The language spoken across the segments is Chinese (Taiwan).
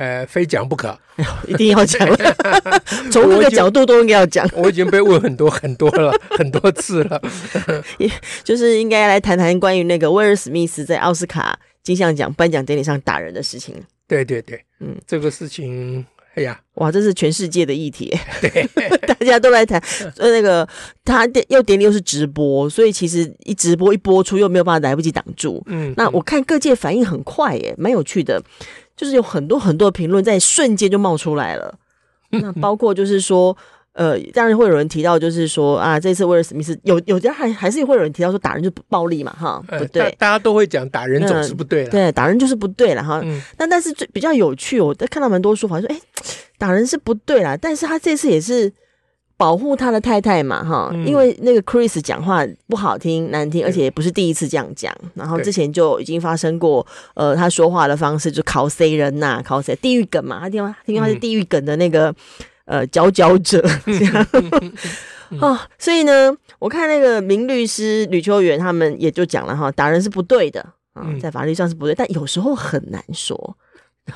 呃，非講不可，一定要講。 從各個角度都應該要講我。我已經被問很多很多了 很多次了， 就是應該來談談關於那個威爾史密斯在奧斯卡金像獎頒獎典禮上打人的事情。對對對，嗯，這個事情。哎呀，哇！這是全世界的議題，對， 大家都來談。 所以那個他點又點，點，又是直播，所以其實一直播一播出，又沒有辦法來不及擋住嗯。嗯，那我看各界反應很快耶，哎，蠻有趣的，就是有很多很多的評論在瞬間就冒出來了。那包括就是說。嗯嗯呃，當然會有人提到，就是說啊，這次威爾史密斯，有有家還還是會有人提到說打人就不暴力嘛，哈，不對、呃，大家都會講打人總是不對、嗯、對，打人就是不對了哈。那、嗯、但，但是就比較有趣、哦，我看到蠻多說法說，哎、欸，打人是不對啦。但是他這次也是保護他的太太嘛，哈、嗯，因為那個 Chris 講話不好聽、難聽，而且也不是第一次這樣講，然後之前就已經發生過，呃，他說話的方式就 Kuso 人吶、啊，Kuso 地獄梗嘛，他聽他，他聽他，他是地獄梗的那個。嗯呃，佼佼者這樣、嗯嗯 哦嗯、所以呢，我看那個名律師呂秋遠他們也就講了哈，打人是不對的啊、嗯，在法律上是不對，但有時候很難說。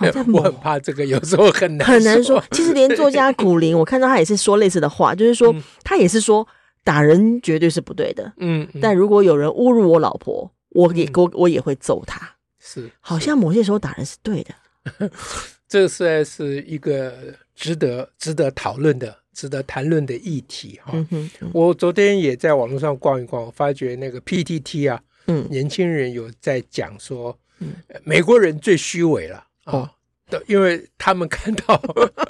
嗯、我很怕這個，有時候很難說很難說。 其實連作家苦苓，我看到他也是說類似的話，嗯、就是說他也是說打人絕對是不對的。嗯，嗯但如果有人侮辱我老婆，我也我、嗯、我也會揍他。是、嗯，好像某些時候打人是對的。 這個實在是一個。值得、值得討論的、值得談論的議題哈、啊嗯嗯。我昨天也在網絡上逛一逛，我發覺那個 PTT 啊、嗯，年輕人有在講說，嗯、美國人最虛偽了啊，都、哦、因為他們看到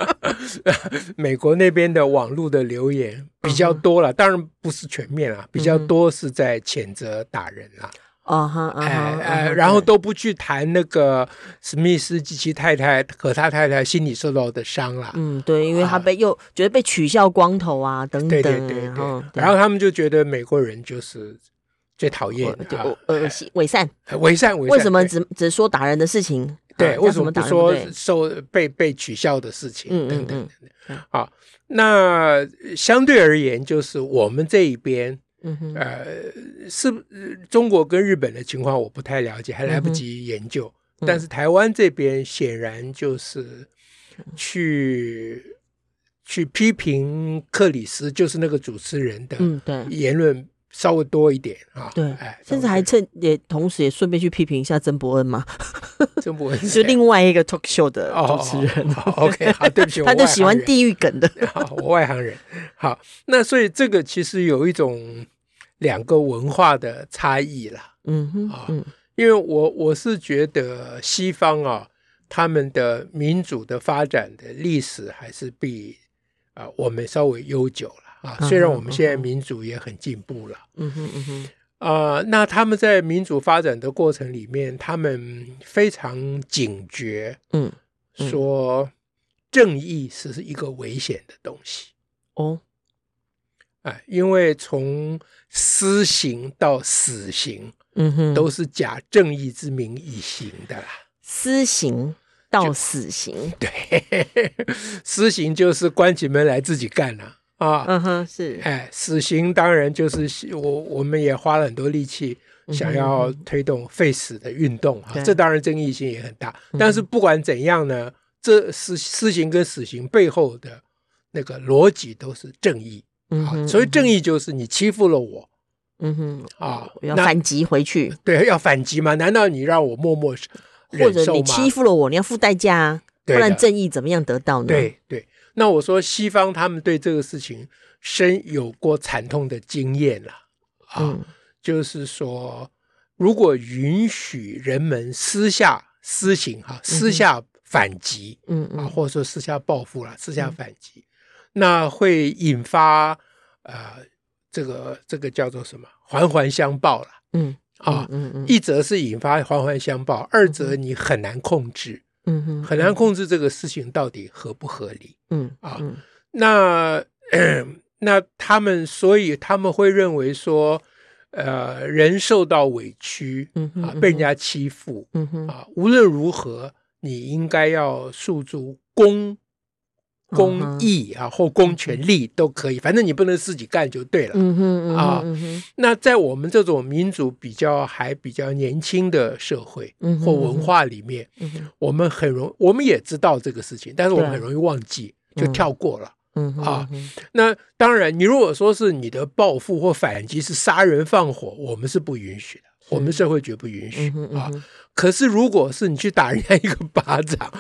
美國那邊的網絡的留言比較多了，嗯、當然不是全面啊，比較多是在譴責打人了。嗯哦、uh、哈 -huh, uh -huh, uh -huh, uh -huh, 呃，啊，哎，然後都不去談那個史密斯及其太太和他太太心理受到的傷了。嗯，對，啊、因為他被又覺得被取笑光頭啊等等。對對對，對，對，、嗯、對，然後他們就覺得美國人就是最討厭，呃，偽、啊、善，偽善偽。為什麼只只說打人的事情？對，啊、什打人對，為什麼不說受被被取笑的事情？嗯。好，那、嗯嗯啊嗯啊、相對而言，就是我們這一邊。嗯、呃，是呃，中國跟日本的情況我不太了解，還來不及研究。嗯嗯、但是台灣這邊顯然就是去、嗯、去批評克里斯，就是那個主持人的言論。嗯對稍微多一點啊、哦、對、哎，甚至還趁也同時，也順便去批評一下曾博恩嘛，曾博恩 是另外一個脫口秀的主持人。哦哦哦 哦、OK， 好，對不起， 我外行人。他就喜歡地獄梗的。好，我外行人。好，那所以這個其實有一種兩個文化的差異了。嗯哼，啊、哦嗯，因為我我是覺得西方啊、哦，他們的民主的發展的歷史還是比啊、呃、我們稍微悠久了。啊，雖然我們現在民主也很進步了，嗯、啊、哼嗯哼，啊、嗯呃，那他們在民主發展的過程裡面，他們非常警覺，嗯，說正義是一個危險的東西哦、嗯嗯，啊，因為從私刑到死刑，嗯哼，都是假正義之名以行的啦，私刑到死刑，對，私刑就是關起門來自己幹了、啊。啊，嗯哼，是，哎，死刑當然就是我，我們也花了很多力氣，嗯、想要推動廢死的運動、嗯、啊，這當然爭議性也很大、嗯。但是不管怎樣呢，這私私刑跟死刑背後的那個邏輯都是正義嗯、啊，所以正義就是你欺負了我，嗯哼，啊，要反擊回去，對，要反擊嗎？難道你讓我默默忍受嗎？或者你欺負了我，你要付代價、啊，不然正義怎麼樣得到呢？對對。那我說，西方他們對這個事情深有過慘痛的經驗了啊，啊，就是說，如果允許人們私下私刑哈、啊，私下反擊，嗯啊，或者說私下報復了，私下反擊、啊，那會引發呃，這個這個叫做什麼？環環相報了，嗯啊，嗯嗯，一則是引發環環相報，二則你很難控制。嗯哼，嗯哼，很難控制這個事情到底合不合理。嗯，嗯啊，那、呃、那他們，所以他們會認為說，呃，人受到委屈，啊、嗯哼被人家欺負，嗯哼啊，無論如何，你應該要訴諸公。公益啊，或公權力都可以，反正你不能自己幹就對了。嗯嗯、啊、嗯，那在我們這種民主比較還比較年輕的社會或文化裡面，嗯嗯、我們很容我們也知道這個事情、嗯，但是我們很容易忘記，就跳過了。嗯、啊、嗯嗯，那當然，你如果說是你的報復或反擊是殺人放火，我們是不允許的，我們社會絕不允許、嗯、啊、嗯。可是如果是你去打人家一個巴掌，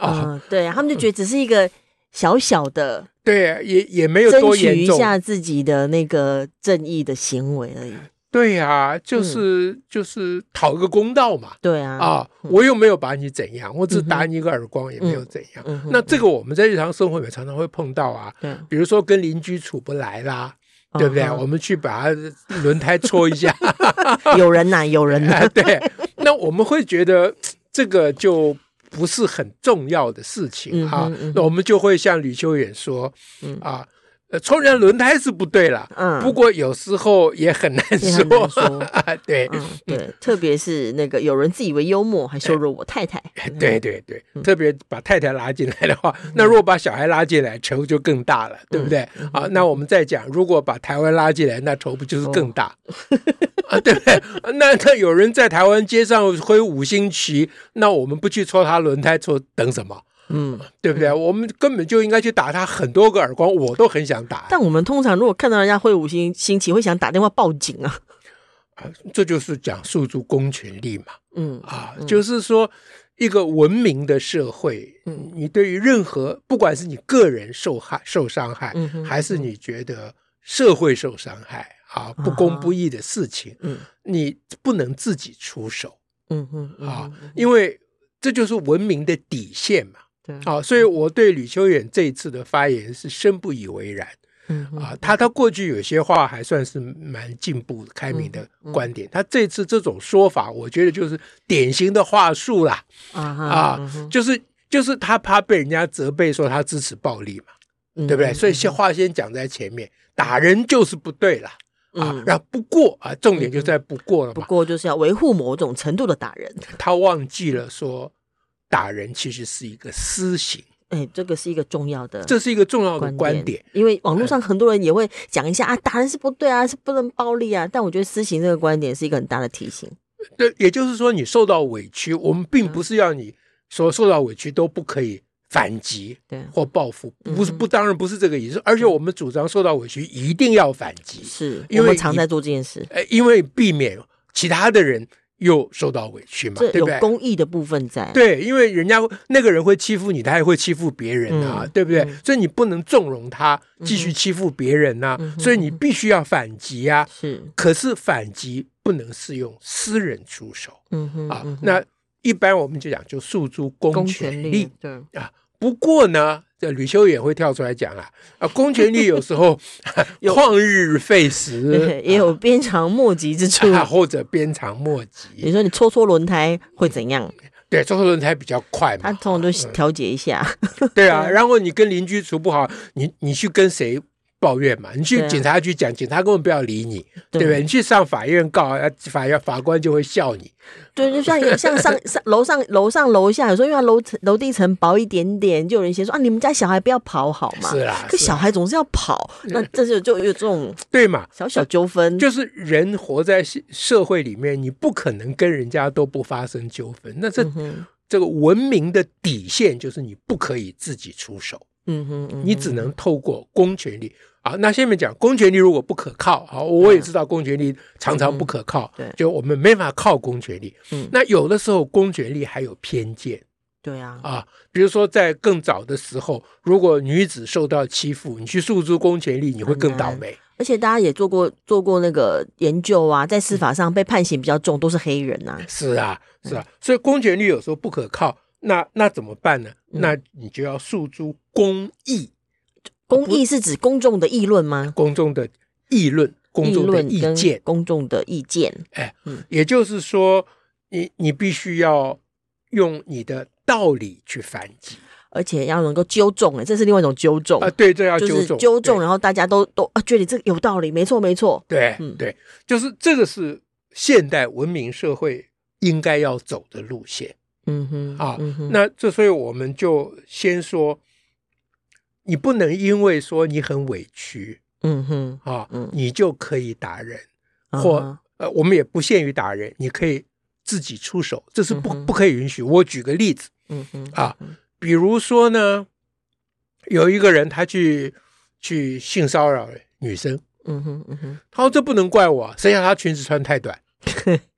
嗯、啊，對、嗯，他們就覺得只是一個。小小的，對、啊，也也沒有多嚴重。爭取一下自己的那個正義的行為而已。對呀、啊，就是、嗯、就是討個公道嘛。對啊，啊，我又沒有把你怎樣，嗯、我只打你一個耳光、嗯、也沒有怎樣、嗯嗯。那這個我們在日常生活也常常會碰到啊，嗯、比如說跟鄰居處不來啦，嗯、對不對、哦？我們去把他輪胎搓一下， 有人吶，有人吶、 啊。對，那我們會覺得這個就。不是很重要的事情哈、啊嗯，嗯嗯嗯、那我們就會像呂秋遠說啊、嗯。嗯呃，戳人家輪胎是不對了，嗯，不過有時候也很難說，啊、 嗯，對，對，嗯，特別是那個有人自以為幽默，還羞辱我太太，嗯，對對對，嗯，特別把太太拉進來的話，嗯，那如果把小孩拉進來，仇就更大了，對不對？啊，嗯嗯，那我們再講，如果把台灣拉進來，那仇不就是更大，啊，哦， 對不對？那他有人在台灣街上揮五星旗，那我們不去戳他輪胎，戳等什麼？嗯，對不對、嗯？我們根本就應該去打他很多個耳光，我都很想打。但我們通常如果看到人家揮舞五星旗，會想打電話報警啊。啊、呃，這就是講訴諸公權力嘛。嗯啊嗯，就是說一個文明的社會，嗯，你對於任何不管是你個人受害受傷害、嗯哼哼哼，還是你覺得社會受傷害啊、嗯、哼哼不公不義的事情，嗯，你不能自己出手。嗯嗯啊，因為這就是文明的底線嘛。好、啊，所以我對呂秋遠這一次的發言是深不以為然。嗯啊，他他過去有些話還算是蠻進步、開明的觀點。他、嗯嗯、這次這種說法，我覺得就是典型的話術啦。嗯、啊、嗯，就是就是他怕被人家責備說他支持暴力嘛，嗯、對不對？嗯、所以先話先講在前面，打人就是不對了。啊，嗯、然後不過啊，重點就是在不過了、嗯。不過就是要維護某種程度的打人。他忘記了說。打人其實是一個私刑，哎，這個是一個重要的，這是一個重要的觀點。因為網絡上很多人也會講一下啊，打人是不對啊，是不能暴力啊。但我覺得私刑這個觀點是一個很大的提醒。對，也就是說，你受到委屈，我們並不是要你說受到委屈都不可以反擊，對，或報復，不是不當然不是這個意思。而且我們主張受到委屈一定要反擊，是因為常在做這件事，哎，因為避免其他的人。又受到委屈嘛，對不對？公益的部分在，對，因為人家會，那個人會欺負你，他也會欺負別人啊，嗯、對不對、嗯？所以你不能縱容他繼續欺負別人啊、嗯嗯。所以你必須要反擊啊。是，可是反擊不能是用私人出手，嗯啊嗯嗯。那一般我們就講就訴諸公權力，公權力對啊。不過呢。這呂秋遠會跳出來講啊啊，公權力有時候曠 日費時，對也有鞭長莫及之處，或者鞭長莫及。你說你戳戳輪胎會怎樣？嗯、對，戳戳輪胎比較快嘛，他通常都調節一下、嗯。對啊，然後你跟鄰居處不好，你你去跟誰？抱怨嘛？你去警察局講，啊、警察根本不要理你，對不對？你去上法院告，法院法官就會笑你。對，就像有 像上上樓上樓上樓下，有時候因為樓層樓地層薄一點點，就有人先說啊，你們家小孩不要跑，好嗎？是啊，可小孩總是要跑，啊、那這就就有這種對嘛？小小糾紛，就是人活在社會裡面，你不可能跟人家都不發生糾紛。那這、嗯、這個文明的底線就是你不可以自己出手。嗯哼,嗯哼，你只能透過公權力啊。那下面講公權力如果不可靠、啊、我也知道公權力常常不可靠，對、嗯，就我們沒法靠公權力。嗯，那有的時候公權力還有偏見、嗯，對啊，啊，比如說在更早的時候，如果女子受到欺負，你去訴諸公權力，你會更倒霉。嗯、而且大家也做過做過那個研究啊，在司法上被判刑比較重、嗯、都是黑人啊，是啊，是啊、嗯，所以公權力有時候不可靠。那那怎麼辦呢？嗯、那你就要訴諸公議。公議是指公眾的議論嗎？公眾的議論，公眾的意見，議論跟公眾的意見。哎、欸嗯，也就是說，你你必須要用你的道理去反擊，而且要能夠糾眾。哎，這是另外一種糾眾。啊，對，這要糾眾。就是糾眾，然後大家都都啊覺得這個有道理，沒錯，沒錯。對、嗯，對，就是這個是現代文明社會應該要走的路線。嗯哼啊，那這所以我們就先說，你不能因為說你很委屈，嗯哼啊，你就可以打人，或呃，我們也不限於打人，你可以自己出手，這是不不可以允許。我舉個例子，嗯哼啊，比如說呢，有一個人他去去性騷擾女生，嗯哼嗯哼，他說這不能怪我，誰叫他裙子穿太短。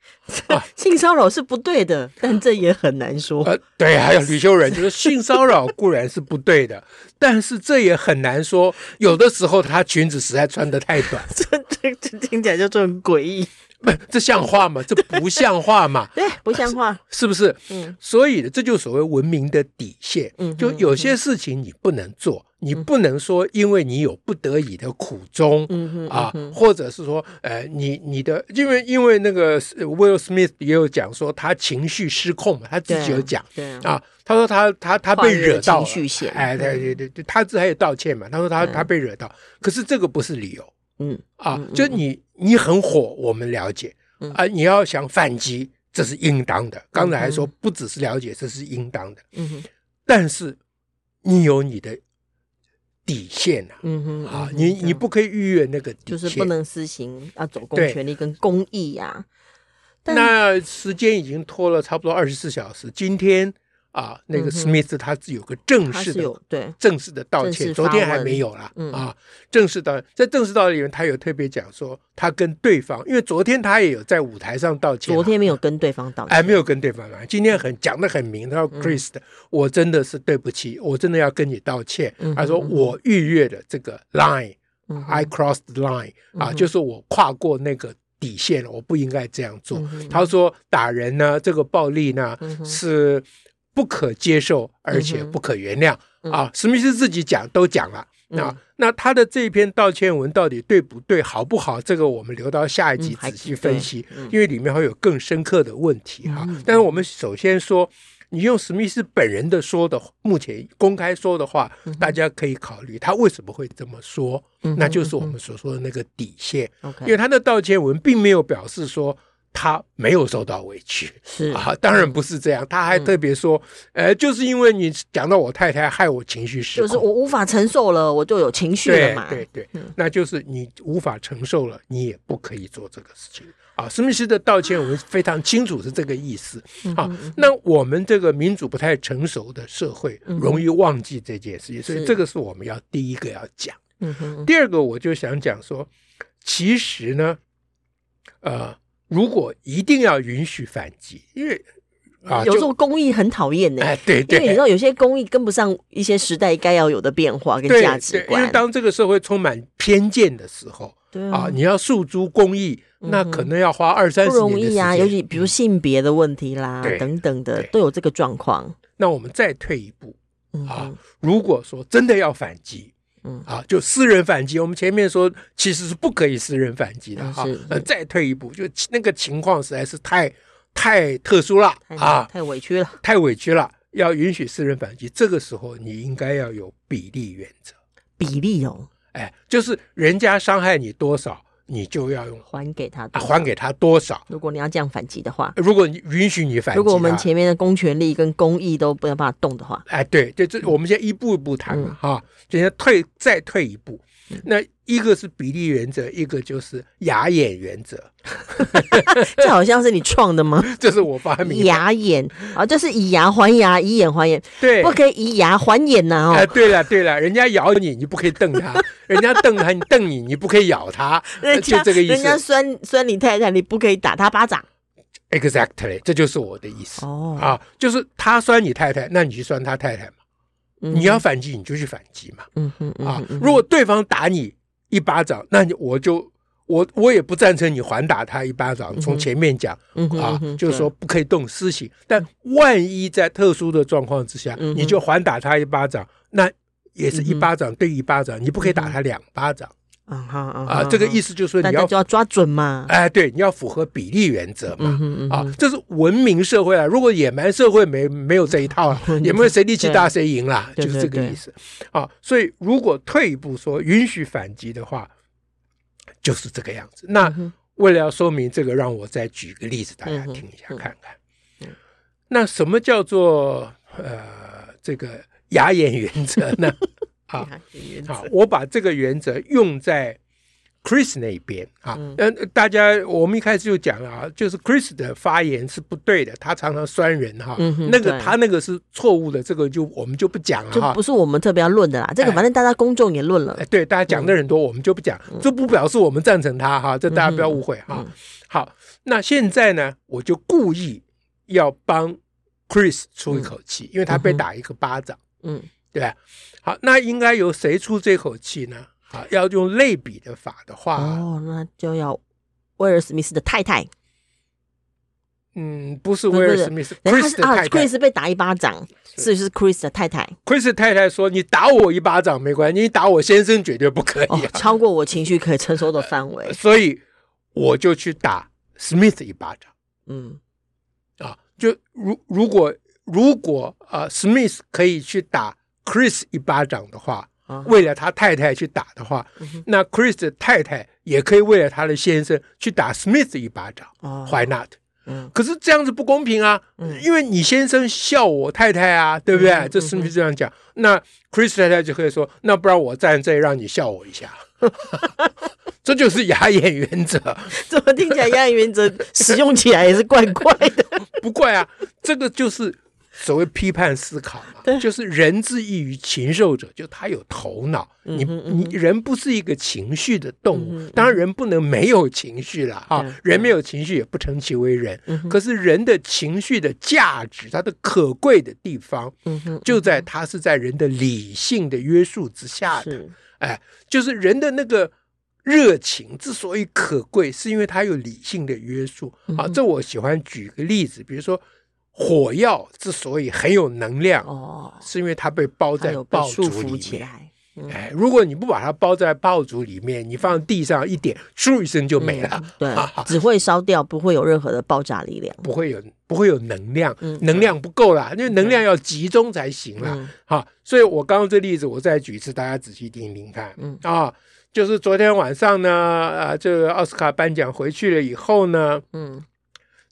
啊、性騷擾是不對的，但這也很難說。啊、對，還有呂秋遠，就是性騷擾固然是不對的，但是這也很難說。有的時候，她裙子實在穿得太短，這這，這，這聽起來就就很詭異。不，這像話嗎？ 這不像話嘛？ 對，不像話是，是不是？嗯，所以這就是所謂文明的底線。嗯，就有些事情你不能做、嗯，你不能說因為你有不得已的苦衷，嗯哼啊嗯哼，或者是說，呃，你你的，因為因為那個 Will Smith 也有講說他情緒失控，嘛，他自己有講，對啊對，他說他他他被惹到情哎，對對對、對、對，他這還有道歉嘛？他說他、嗯、他被惹到，可是這個不是理由。嗯啊嗯，就你、嗯、你很火、嗯，我們了解、嗯、啊。你要想反擊，這是應當的。剛才還說不只是了解，這是應當的。嗯哼、嗯，但是你有你的底線啊，嗯哼、嗯，啊，嗯、你、嗯、你不可以逾越那個底線，就是不能私刑啊，走公權力跟公益呀。那時間已經拖了差不多二十四小時，今天。啊，那個史密斯，他是有個正式的對正式的道歉，昨天還沒有了啊、嗯。正式的，在正式道歉裡面，他有特別講說，他跟對方，因為昨天他也有在舞台上道歉，昨天沒有跟對方道歉，哎，沒有跟對方。今天很講得、嗯、很明，他說，Chris，、嗯、我真的是對不起，我真的要跟你道歉。嗯、他說，我逾越了這個 line，I、嗯、crossed the line、嗯、啊、嗯，就是我跨過那個底線了，我不應該這樣做。嗯、他說，打人呢，這個暴力呢、嗯、是。不可接受，而且不可原諒、嗯、啊！史密斯自己講都講了，那、嗯啊、那他的這篇道歉文到底對不對、好不好？這個我們留到下一集仔細分析，嗯、因為裡面會有更深刻的問題哈、啊嗯。但是我們首先說，你用史密斯本人的說的，目前公開說的話，嗯、大家可以考慮他為什麼會這麼說，嗯、那就是我們所說的那個底線、嗯。因為他的道歉文並沒有表示說。他沒有受到委屈，是啊，當然不是這樣。他還特別說，嗯呃、就是因為你講到我太太，害我情緒失控，就是我無法承受了，我就有情緒了嘛。對對，對、嗯，那就是你無法承受了，你也不可以做這個事情啊。史密斯的道歉，我們非常清楚是這個意思、嗯、啊、嗯嗯。那我們這個民主不太成熟的社會，容易忘記這件事情，嗯、所以這個是我們要第一個要講。嗯，嗯第二個，我就想講說，其實呢，呃。如果一定要允許反擊，因為啊，有時候公益很討厭的。哎，對對，因為你知道有些公益跟不上一些時代該要有的變化跟價值觀。對對，因為當這個社會充滿偏見的時候，對啊，啊，你要訴諸公益，嗯、那可能要花二三十年的時間，不容易啊，尤其比如性別的問題啦，嗯、等等的都有這個狀況。那我們再退一步，啊，嗯、如果說真的要反擊。嗯啊，就私人反擊，我們前面說其實是不可以私人反擊的哈、啊嗯。呃，再退一步，就那個情況實在是太太特殊了啊，太委屈了、啊，太委屈了。要允許私人反擊，這個時候你應該要有比例原則，比例哦，哎，就是人家傷害你多少？你就要用還給他、啊，還給他多少？如果你要這樣反擊的話，如果允許你反擊，如果我們前面的公權力跟公益都不能辦法動的話，哎、呃，對，這這，我們先一步一步談哈，嗯哦、就先退再退一步。那一個是比例原則，一個就是牙眼原則。這 好像是你創的嗎？這、就是我發明。牙眼啊，就是以牙還牙，以眼還眼。對，不可以以牙還眼吶、啊哦哎！對了對了，人家咬你，你不可以瞪他； 人家瞪他，你瞪你，你不可以咬他。啊、就這個意思。人家酸酸你太太，你不可以打他巴掌。Exactly，這就是我的意思。哦、oh.，啊，就是他酸你太太，那你就酸他太太嘛。嗯、你要反擊，你就去反擊嘛。嗯，哼嗯哼啊，如果對方打你一巴掌，那你我就我我也不贊成你還打他一巴掌。從前面講、嗯，啊、嗯，就是說不可以動私刑。但萬一在特殊的狀況之下，嗯、你就還打他一巴掌、嗯，那也是一巴掌對一巴掌，嗯、你不可以打他兩巴掌。嗯啊這個意思就是說你，你要抓準嘛。哎，對，你要符合比例原則嘛。嗯嗯、啊，這是文明社會啊。如果野蠻社會沒沒有這一套、啊嗯，也沒有誰力氣大誰贏啦、嗯，就是這個意思、嗯對對對。啊，所以如果退一步說允許反擊的話，就是這個樣子。那、嗯、為了要說明這個，讓我再舉個例子，大家聽一下看看。嗯嗯、那什麼叫做呃這個牙眼原則呢？ 好，好，我把這個原則用在 Chris 那邊啊。嗯，大家，我們一開始就講了啊，就是 Chris 的發言是不對的，他常常酸人哈、嗯。那個他那個是錯誤的，這個就我們就不講了，就不是我們特別要論的啦，這個反正大家公眾也論了哎。哎，對，大家講的很多，我們就不講。這不表示我們贊成他哈，這大家不要誤會哈。好，那現在呢，我就故意要幫 Chris 出一口氣、嗯，因為他被打一個巴掌。嗯。嗯對，好，那應該由誰出這口氣呢？啊，要用類比的法的話，哦，那就要威爾·史密斯的太太。嗯，不是威爾·史密斯是的，Chris 的太太、啊。Chris 被打一巴掌，是是，是 Chris 的太太。Chris 的太太說：“你打我一巴掌沒關係，你打我先生絕對不可以啊、哦，超過我情緒可以承受的範圍。”呃，所以我就去打 Smith 一巴掌。嗯，啊，就如如果如果啊、呃，Smith 可以去打。Chris 一巴掌的話、啊，為了他太太去打的話、嗯，那 Chris 的太太也可以為了他的先生去打 Smith 一巴掌。啊、Why not？嗯，可是這樣子不公平啊，嗯、因為你先生笑我太太啊，嗯、對不對？嗯嗯嗯這 Smith 這樣講？那 Chris 太太就可以說，那不然我站在這裡讓你笑我一下。 這就是牙眼原則。怎 麼聽起來牙眼原則使 用起來也是怪怪的？ 不怪啊，這個就是。所謂批判思考嘛，就是人之異於禽獸者，就他有頭腦。嗯嗯你你人不是一個情緒的動物，嗯嗯當然人不能沒有情緒了、嗯嗯啊、人沒有情緒也不成其為人。嗯、可是人的情緒的價值，嗯、它的可貴的地方嗯哼嗯哼，就在它是在人的理性的約束之下的嗯哼嗯哼。哎，就是人的那個熱情之所以可貴，是因為它有理性的約束。好、啊嗯，這我喜歡舉個例子，比如說。火藥之所以很有能量，哦，是因為它被包在爆竹裡面。嗯、哎，如果你不把它包在爆竹裡面，你放地上一點，咻一聲就沒了。嗯、對哈哈，只會燒掉，不會有任何的爆炸力量，不會有，不會有能量，嗯、能量不夠了、嗯，因為能量要集中才行了、嗯。所以我剛剛這例子，我再舉一次，大家仔細聽聽聽看。嗯啊，就是昨天晚上呢，啊，這個奧斯卡頒獎回去了以後呢，嗯。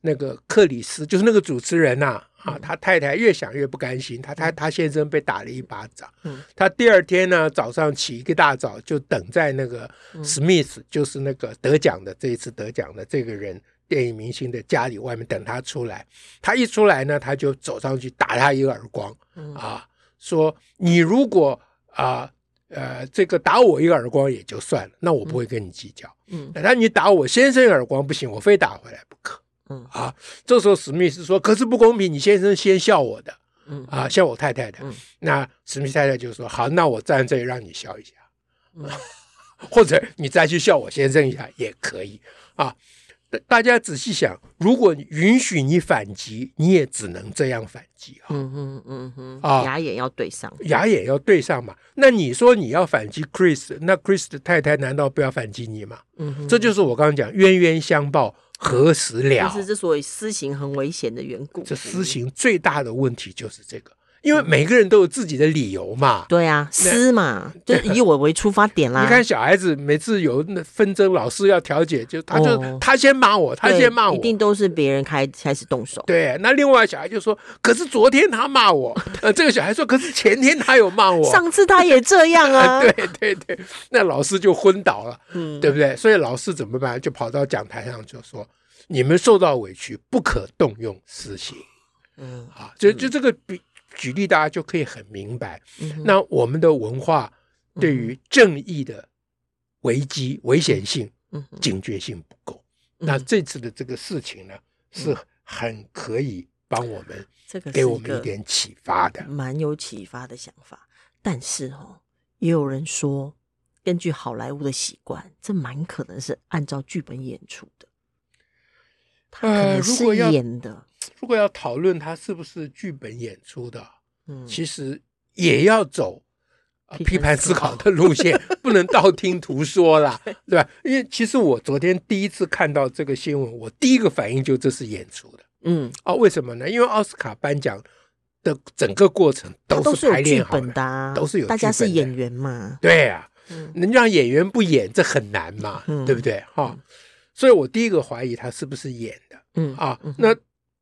那個克里斯就是那個主持人吶、啊嗯，啊，他太太越想越不甘心，他他他先生被打了一巴掌，嗯，他第二天呢早上起一個大早，就等在那個史密斯，嗯、就是那個得獎的這一次得獎的這個人，電影明星的家裡外面等他出來，他一出來呢，他就走上去打他一個耳光，啊，嗯、說你如果啊呃，呃這個打我一個耳光也就算了，那我不會跟你計較，嗯，嗯，那他你打我先生耳光不行，我非打回來不可。嗯啊，這時候史密斯說：“可是不公平，你先生先笑我的，嗯啊，笑我太太的。嗯”那史密斯太太就說：“好，那我站這裡讓你笑一下，嗯，或者你再去笑我先生一下也可以啊。”大家仔細想，如果允許你反擊，你也只能這樣反擊啊！嗯哼嗯嗯嗯啊，牙眼要對上，牙眼要對上嘛。那你說你要反擊 Chris，那 Chris 的太太難道不要反擊你嗎？嗯，這就是我剛剛講冤冤相報何時了？就是之所以私刑很危險的緣故。這私刑最大的問題就是這個。因為每個人都有自己的理由嘛，嗯、對呀、啊，私嘛，就以我為出發點啦、啊。你看小孩子每次有那紛爭，老師要調解，就他就、哦、他先罵我，他先罵我，一定都是別人開開始動手。對、啊，那另外小孩就說：“可是昨天他罵我。 呃”這個小孩說：“可是前天他有罵我， 上次他也這樣啊。 ”對對對，那老師就昏倒了，嗯，對不對？所以老師怎麼辦？就跑到講台上就說：“你們受到委屈，不可動用私刑。”嗯啊，就就這個比。嗯舉例，大家就可以很明白，嗯。那我們的文化對於正義的危機、嗯、危險性、嗯、警覺性不夠，嗯。那這次的這個事情呢，嗯、是很可以幫我們，這、嗯、個給我們一點啟發的，這個、蠻有啟發的想法。但是哦，也有人說，根據好萊塢的習慣，這蠻可能是按照劇本演出的，他可能是演的。呃如果要討論他是不是劇本演出的，嗯，其實也要走、嗯啊、批判思考的路線， 不能道聽途說啦，對吧？因為其實我昨天第一次看到這個新聞，我第一個反應就這是演出的，嗯啊，為什麼呢？因為奧斯卡頒獎的整個過程都是排練好的，他都是有劇本的、啊、都是有劇本的，大家是演員嘛，對啊，嗯、能讓演員不演這很難嘛、嗯，對不對？哈、嗯，所以我第一個懷疑他是不是演的，嗯啊，那、嗯。嗯嗯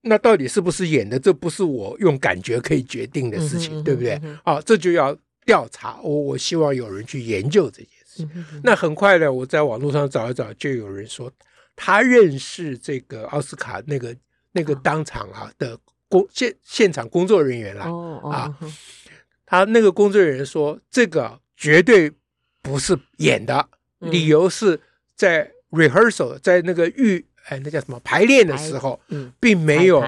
那到底是不是演的？這不是我用感覺可以決定的事情，對不對？嗯嗯嗯、啊，這就要調查。我我希望有人去研究這件事情，嗯嗯。那很快的，我在網絡上找一找，就有人說他認識這個奧斯卡那個那個當場啊的工啊現現場工作人員了，哦嗯。啊，他那個工作人員說，這個絕對不是演的，嗯，理由是在 rehearsal，在那個預。哎，那叫什麼？排練的時候，嗯、並沒有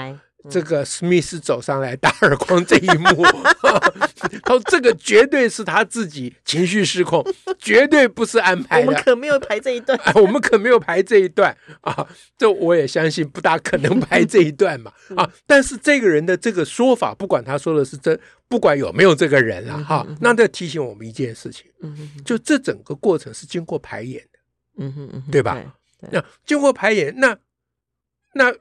這個史密斯走上來打耳光這一幕。排排嗯、 他說：“這個絕對是他自己情緒失控， 絕對不是安排的。”我們可沒有排這一段。 我們可沒有排這一段啊！這我也相信不大可能排這一段嘛啊！但是這個人的這個說法，不管他說的是真，不管有沒有這個人了、啊、哈，嗯哼嗯哼，那都要提醒我們一件事情嗯嗯，就這整個過程是經過排演的，嗯哼嗯嗯，對吧？對那經過排演，那那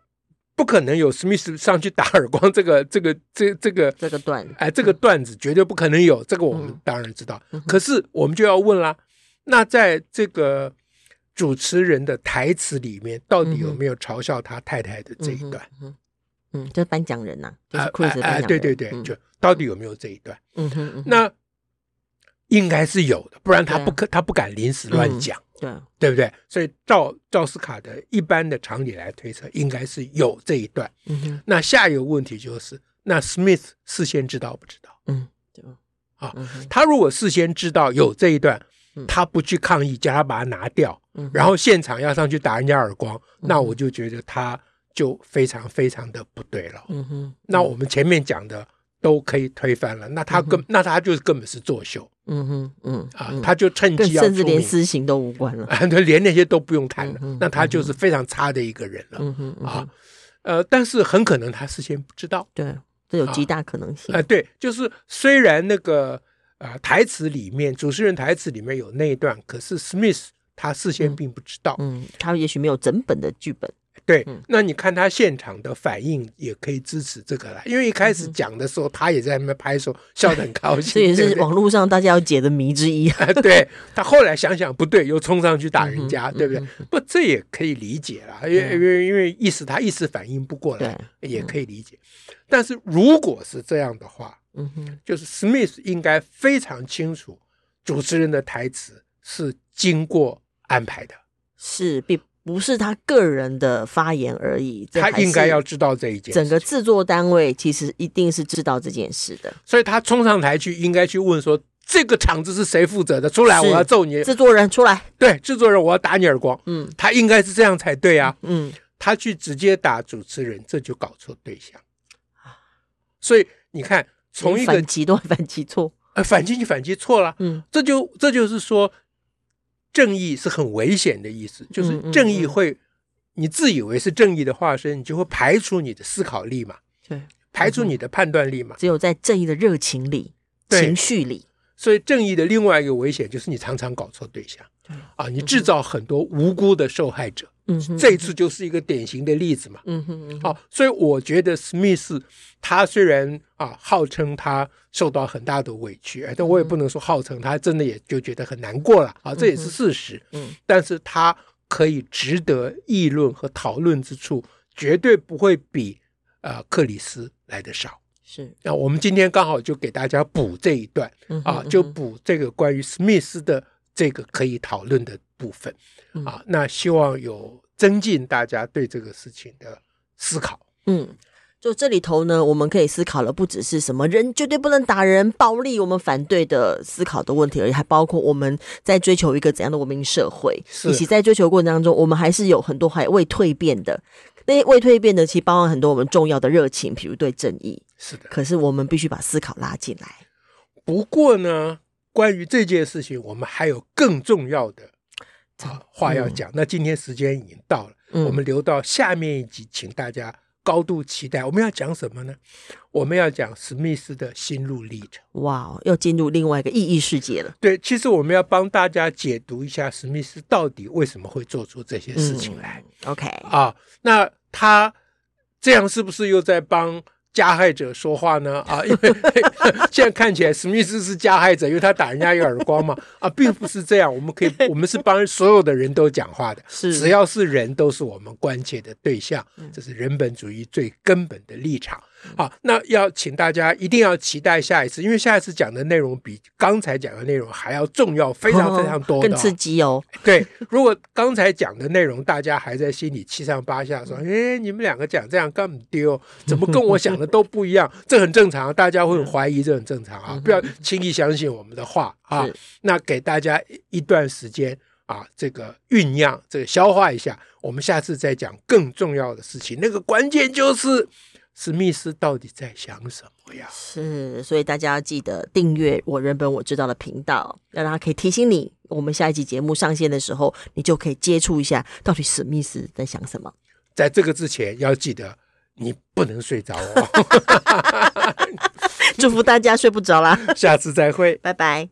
不可能有史密斯上去打耳光這個這個這這個、這個、這個段哎，這個段子絕對不可能有。嗯、這個我們當然知道，嗯、可是我們就要問啦、嗯。那在這個主持人的台詞裡面，到底有沒有嘲笑他太太的這一段？嗯，嗯嗯就是頒獎人吶、啊啊，就是克里斯、啊啊、對對對，嗯、就到底有沒有這一段？嗯哼、嗯嗯嗯，那。應該是有的，不然他不可、啊、他不敢臨時亂講，對、嗯、對不對？所以照，照奧斯卡的一般的常理來推測，應該是有這一段、嗯。那下一個問題就是，那 Smith 事先知道不知道？嗯，就、啊，啊、嗯，他如果事先知道有這一段、嗯、他不去抗議，叫他把它拿掉、嗯，然後現場要上去打人家耳光、嗯，那我就覺得他就非常非常的不對了。嗯哼，那我們前面講的都可以推翻了，嗯、那他根、嗯、那他就是根本是作秀。嗯哼嗯，嗯啊，他就趁機要，甚至連私刑都無關了、呃，連那些都不用談了、嗯，那他就是非常差的一個人了。嗯哼啊嗯哼，呃，但是很可能他事先不知道，對，這有極大可能性。啊呃、對，就是雖然那個、呃、台詞裡面主持人台詞裡面有那一段，可是 Smith 他事先並不知道，嗯，嗯他也許沒有整本的劇本。對，那你看他現場的反應也可以支持這個了，因為一開始講的時候、嗯、他也在那邊拍手笑得很高興、嗯對對，這也是網絡上大家要解的謎之一。 啊、對他後來想想不對，又衝上去打人家，嗯、對不對、嗯？不，這也可以理解了、嗯，因為因為因為一時他一時反應不過來，嗯、也可以理解、嗯。但是如果是這樣的話，嗯哼，就是 Smith 應該非常清楚主持人的台詞是經過安排的，是必。不是他個人的發言而已，他應該要知道這一件。整個制作單位其實一定是知道這件事的，事所以他衝上台去應該去問說：“這個場子是誰負責的？”出來，我要揍你，制作人出來。對，制作人，我要打你耳光。嗯，他應該是這樣才對啊。嗯，他去直接打主持人，這就搞錯對象。嗯、所以你看，從一個極端反擊錯，反擊就反擊錯了。嗯，這就這就是說。正義是很危險的意思，就是正義會，嗯嗯嗯，你自以為是正義的化身，你就會排除你的思考力嘛，對，排除你的判斷力嘛。只有在正義的熱情裡、情緒裡，所以正義的另外一個危險就是你常常搞錯對象。啊，你製造很多無辜的受害者，嗯，這一次就是一個典型的例子嘛，嗯哼，好、嗯啊，所以我覺得 Smith 他雖然啊號稱他受到很大的委屈，哎，但我也不能說號稱他真的也就覺得很難過了，嗯、啊，這也是事實嗯，嗯，但是他可以值得議論和討論之處絕對不會比、呃、克里斯來得少，是，那、啊、我們今天剛好就給大家補這一段，嗯、啊，就補這個關於 Smith 的。這個可以討論的部分，嗯，啊，那希望有增進大家對這個事情的思考。嗯，就這裡頭呢，我們可以思考的不只是什麼人絕對不能打人、暴力我們反對的思考的問題，而且還包括我們在追求一個怎樣的文明社會，是，以及在追求過程當中，我們還是有很多還未蛻變的那些未蛻變的，其實包含很多我們重要的熱情，比如對正義。是的，可是我們必須把思考拉進來。不過呢。關於這件事情，我們還有更重要的話要講，嗯。那今天時間已經到了，嗯，我們留到下面一集，請大家高度期待。我們要講什麼呢？我們要講史密斯的心路歷程。哇，要進入另外一個意義世界了。對，其實我們要幫大家解讀一下史密斯到底為什麼會做出這些事情來。嗯、OK，啊，那他這樣是不是又在幫？加害者說話呢？啊，因為現在看起來史密斯是加害者，因為他打人家一個耳光嘛。啊，並不是這樣，我們可以，我們是幫所有的人都講話的，只要是人都是我們關切的對象，這是人本主義最根本的立場。好，那要請大家一定要期待下一次，因為下一次講的內容比剛才講的內容還要重要，非常非常多的、哦，更刺激哦。對，如果剛才講的內容大家還在心裡七上八下，說：“誒、 欸，你們兩個講這樣，幹麼丟？怎麼跟我想的都不一樣？” 這很正常、啊，大家會懷疑， 這，很啊、很疑 這很正常啊！不要輕易相信我們的話啊。 啊那給大家一段時間啊，這個醞釀，這個消化一下，我們下次再講更重要的事情。那個關鍵就是。史密斯到底在想什麼呀？是，所以大家要記得訂閱我原本我知道的頻道，讓他可以提醒你。我們下一集節目上線的時候，你就可以接觸一下到底史密斯在想什麼。在這個之前，要記得你不能睡着哦。 祝福大家睡不着啦！ 下次再會，拜拜。